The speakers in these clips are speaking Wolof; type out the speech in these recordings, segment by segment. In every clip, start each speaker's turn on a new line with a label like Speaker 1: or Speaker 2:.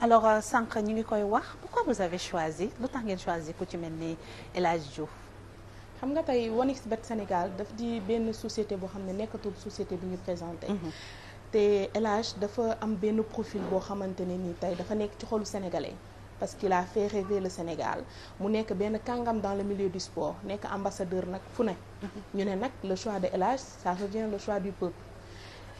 Speaker 1: alors euh, sànq ñu ngi koy wax pourquoi vous avez choisi lu tax ngeen choisi ku ci mel ni El Hadj Diouf. xam nga tey OneXBet Sénégal
Speaker 2: daf di benn société boo xam ne nekkatul société bi ñu présenté. Mhm. te El Hadj dafa am benn profil boo xamante ne nii tey dafa nekk ci xolu sénégalais. parce qu'il a fait le Sénégal mu nekk benn kàngam dans le milieu du sport nekk ambassadeur nag fu ne. Mhm. ñu ne nag le choix de El Hadj ça revient le choix du peuple.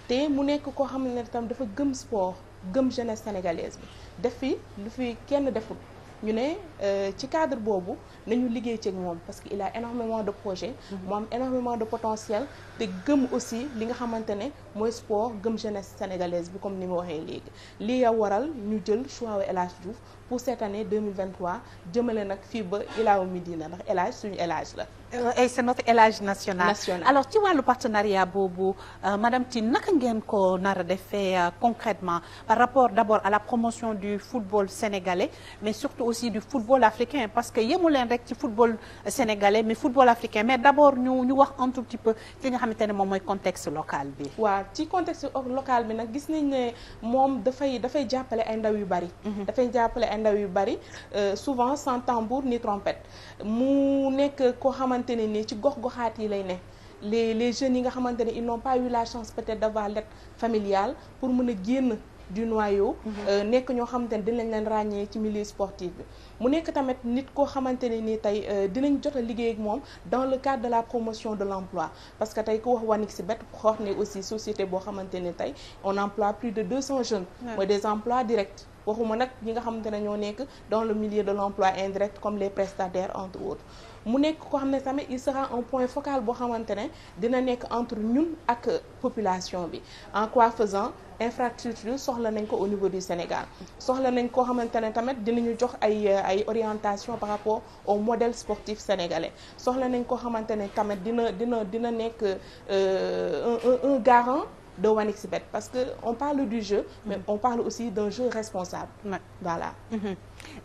Speaker 2: te mu nekk koo xam ne tam dafa gëm sport. gëm jeunesse sénégalaise bi def fi lu fi kenn deful ñu ne euh, ci cadre boobu nañu liggéey ci moom parce que il a énormément de projet mm-hmm. mu am énormément de potentiel te gëm aussi li nga xamante ne mooy sport gëm jeunesse sénégalaise bi comme ni ma waxee léegi li yow waral ñu jël choix El Hadj Diouf pour cette année 2023 jëmale nag fii ba ilaawu Medina ndax
Speaker 1: élage suñu El la Euh, et c'est notre élage national alors ci wàllu partenariat boobu euh, madame Tine naka ngeen ko nar a defee euh, concrètement par rapport d'abord à la promotion du football sénégalais mais surtout aussi du football africain parce que yemu leen rek ci football sénégalais mais football africain mais d'abord ñu ñu wax un tout petit peu ci nga xamante ne moom mooy contexte local bi waaw ci contexte local bi nag gis nañ ne moom dafay dafay jàppale ay ndaw
Speaker 2: yu bari mhm. dafay jàppale ay ndaw yu bari souvent sans tambour xamante ne ni ci gox-goxaat yi lay ne les les jeunes yi nga xamante ne ils n'ont pas eu la chance peut-être d'avoir l'aide familiale pour mën a génn du noyau. Mhm. Euh, nekk ñoo xamante ne dinañ leen ràññee ci milieu sportif bi. mu nekk tamit nit koo xamante ne ni tey euh, dinañ jot a liggéey ak moom dans le cadre de la promotion de l'emploi parce que tey ku wax Wanixbet xoox ne aussi société boo xamante ne tey on emploie plus de 200 jeunes. mooy des emplois directs. waxuma nag ñi nga xamante ne ñoo nekk dans le milieu de l'emploi indirect comme les prestataires entre autres mu nekk ko xam ne tamit il sera un point focal boo xamante ne dina nekk entre ñun ak population bi en quoi faisant infrastructure soxla nañ ko au niveau du Sénégal soxla nañ koo xamante ne tamit dinañu jox ay euh, ay orientation par rapport au modèle sportif sénégalais soxla nañ koo xamante ne tamit dina dina dina nekk euh, un un garant de 1xBet parce que on parle du jeu mais mm-hmm. on parle aussi d'un jeu responsable
Speaker 1: voilà mm-hmm.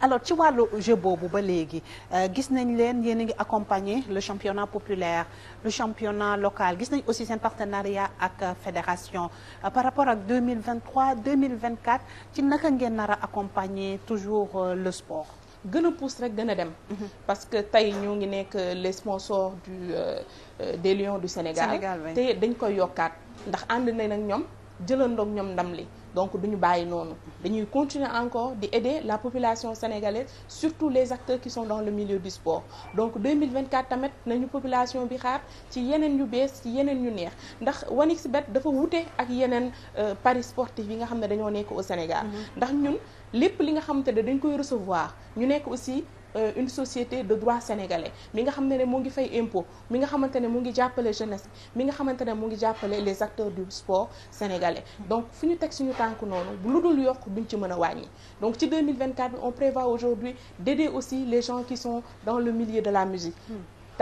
Speaker 1: alors ci wàllu jeu boobu ba léegi euh, gis nañ leen yéen a ngi accompagner le championnat populaire le championnat local gis nañ aussi seen partenariat ak euh, fédération euh, par rapport ak 2023 2024 ci naka ngeen nar accompagner toujours le sport gën a pousse rek gën a dem. Mhm. parce que tey
Speaker 2: ñoo ngi nekk les sponsors du euh, euh des du Sénégal. Sénégal te dañ koy yokkaat ndax ànd nañ ak ñoom. jëlandoog ñoom ndam li donc duñu bàyyi noonu dañuy continuer encore di édé la population sénégalaise surtout les acteurs qui sont dans le milieu du sport donc 2024 tamit nañu population bi xaar ci yeneen yu bees ci yeneen yu neex ndax 1xBet dafa wute ak yeneen euh, paris sportif yi nga xam ne dañoo nekk au Sénégal mm-hmm. ndax ñun lépp li nga xamante ne dañ koy recevoir ñu nekk aussi Euh, une société de droit sénégalais mi nga xam ne ne moo ngi fay impo mi nga xamante ne mu ngi jàppale jeunesse mi nga xamante ne mu ngi jàppale les acteurs du sport sénégalais donc fu ñu teg suñu tànk noonu lu dul yokk duñ ci mën a wàññi donc ci 2024 bi on prévoit aujourd'hui d'aider aussi les gens qui sont dans le milieu de la musique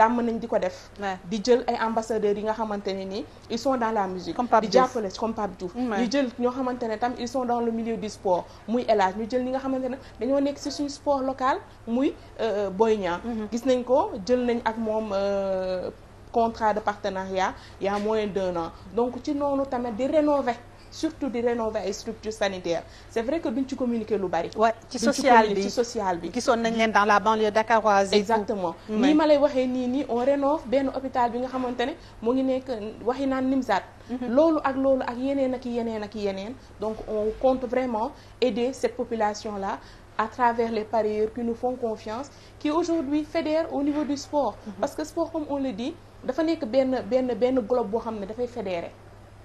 Speaker 2: tàmm nañ di ko def di jël ay ambassadeurs yi nga xamante ne nii ils sont dans la musique di jàppale comme Pape Diouf ñu jël ñoo xamante ne tam ils sont dans le milieu du sport muy El Hadj ñu jël ñi nga xamante ne dañoo nekk si suñu sport local muy euh, Boy Niang mm-hmm. gis nañ ko jël nañ ak moom euh, contrat de partenariat y a moins d'un donc ci noonu tamit di rénover surtout di rénover ay structures sanitaires c'est vrai que duñ ci communiquer lu bari. wa ci social bi ci social bi. gisoon nañ leen dans la banlieue dakaroise. exactement nii ma lay waxee nii nii on rénove benn hôpital bi nga xamante ne mu ngi nekk waxi naan Nimzat. Mhm. loolu ak loolu ak yeneen ak yeneen ak yeneen donc on compte vraiment aider cette population la à travers les parieurs qui nous font confiance qui aujourd'hui fédèrent au niveau du sport mhm. parce que sport comme on le dit nekk benn benn benn globe boo xam ne dafay fédérer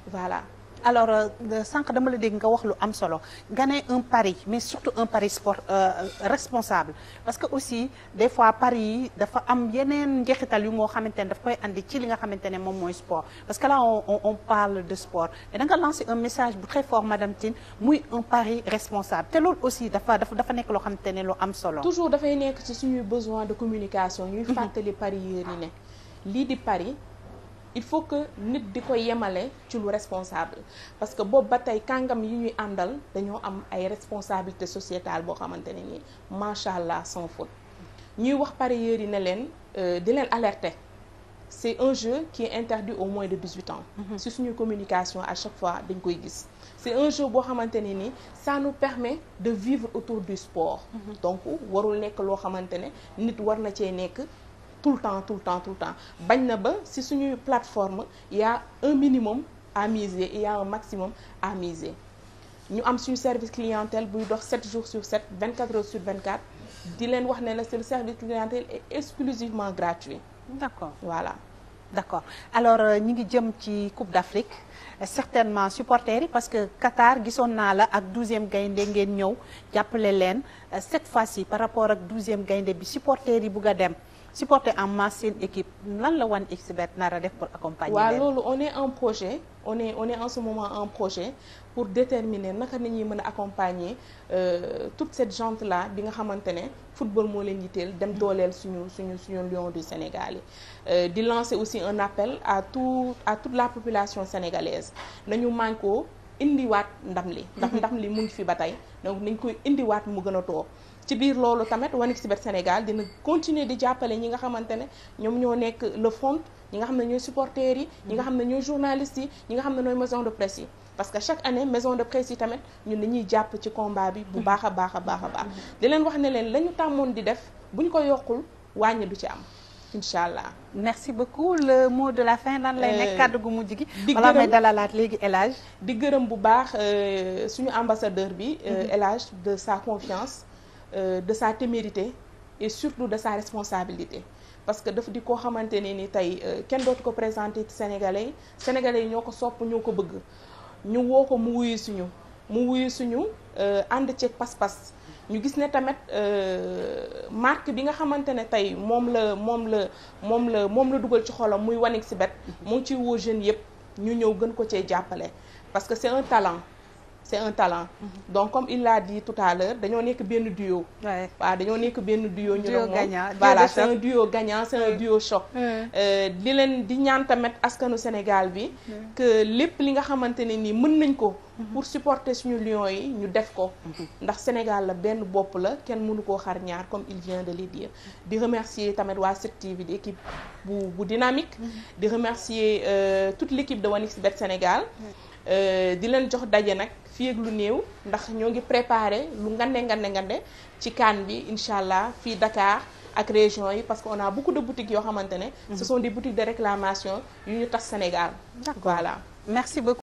Speaker 1: voilà alors euh, sànq dama la dégg nga wax lu am solo gagner un pari mais surtout un pari sport euh, responsable parce que aussi des fois pari yi dafa am yeneen njeexital yu moo xamante ne daf koy indi ci li nga xamante ne moom mooy sport parce que là on on parle de sport mais da nga lancer un message bu très fort madame Tine muy un pari responsable te loolu aussi dafa dafa nekk loo xamante ne lu am solo. toujours
Speaker 2: dafay nekk ci suñuy besoin de communication. ñuy mhm. fàttali pari yi ni lii di pari. il faut que nit di ko yemale ci lu responsable parce que boobu ba tey kàngam yi ñuy àndal dañoo am ay responsabilité sociétale boo xamante ne ni macha allah sans faute ñuy wax parieurs yi ne leen euh, di leen alerter c'est un jeu qui est interdit aux moins de 18 ans mm-hmm. si suñu communication à chaque fois dañ koy gis c'est un jeu boo xamante ne ni ça nous permet de vivre autour du sport mm-hmm. donc warul nekk loo xamante ne nit war na cee nekk tout le temps tout le temps tout le bañ na ba si suñu plateforme il y a un minimum à miser il y a un maximum à ñu am suñu service clientèle buy dox 7 jours sur 7 24 heures sur 24 di leen wax ne la seen service clientèle est exclusivement
Speaker 1: gratuit. d'accord voilà. d'accord alors euh, ñi ngi jëm ci Coupe d'Afrique certainement supporters yi parce que Qatar gisoon naa la ak 12e gaynde ngeen ñëw jàppale leen euh, cette fois yi par rapport ak 12e bi supporters yi bugg a dem. supporter en masse équipe lan la wan xbet nar a def pour accompagner. waaw loolu
Speaker 2: on est en projet on est en ce moment en projet pour déterminer naka nañuy ñuy mën a accompagner euh, toute cette gente là bi nga xamante ne football moo leen yitteel dem dooleel suñu suñu suñu lion du Sénégal yi. Euh, di lancer aussi un appel à tout à toute la population sénégalaise nañu mànkoo indiwaat ndam li ndax mhm. ndam li mu ngi fi ba tey donc nañ koy indiwaat mu gën a toog ci biir loolu tamit 1xBet Sénégal dina continuer di jàppale ñi nga xamante ne ñoom ñoo nekk le front ñi nga xam ne ñooy supporters yi ñi nga xam ne ñooy journalistes yi ñi nga xam ne ñooy maison de presse yi parce que chaque année maison de presse yi tamit ñun ñuy jàpp ci combat bi bu baax a baax a baax a baax mhm. di leen wax ne leen la ñu tàmmoon di def bu ñu ko yokkul wàññi du ci am incha allah. merci beaucoup le mot de la fin lan lay nekk euh, kàddu gu mujj gi. di gërëm may dalalaat léegi El di gërëm bu baax euh, suñu ambassadeur bi. Euh, mhm. El Hadj de sa confiance de sa témérité et surtout de sa responsabilité. parce que daf di koo xamante ne ni tey kenn dootu ko présenté ci sénégalais sénégalais yi ñoo ko sopp ñoo ko bëgg ñu woo ko mu wuyu suñu mu wuyu suñu ànd ceeg pas-pas. ñu gis ne tamit euh, marque bi nga xamante ne tey moom la moom la moom la moom la dugal ci xolam muy Wanixbet si ngi ciy woo jeunes yëpp ñu ñëw gën ko cee jàppale parce que c'est un talent c'est un talent mhm. donc comme il l'a dit tout à dañoo nekk benn duo waaw dañoo nekk benn duo ñu doon moom voilà c'est un duo gagnant c'est un duo choc euh, di leen di ñaan tamit askanu Sénégal bi que lépp li nga xamante ne nii mën nañ ko mhm. pour supporter suñu lions yi ñu def ko mhm. ndax Sénégal la benn bopp la kenn mënu koo xar ñaar comme il vient de le dire di remercier tamit waa 7TV di équipe bu bu dynamique di remercier euh, toute l'équipe de 1xBet Sénégal Euh, di leen jox daje nag fii ak lu néew ndax ñoo ngi préparé lu ngande ngande ngande ci kaan bi incha allah fii Dakar ak région yi parce que on a beaucoup de boutiques yoo xamante ne. Mhm. ce sont des boutiques de réclamation yu ñu tas Sénégal. voilà merci beaucoup.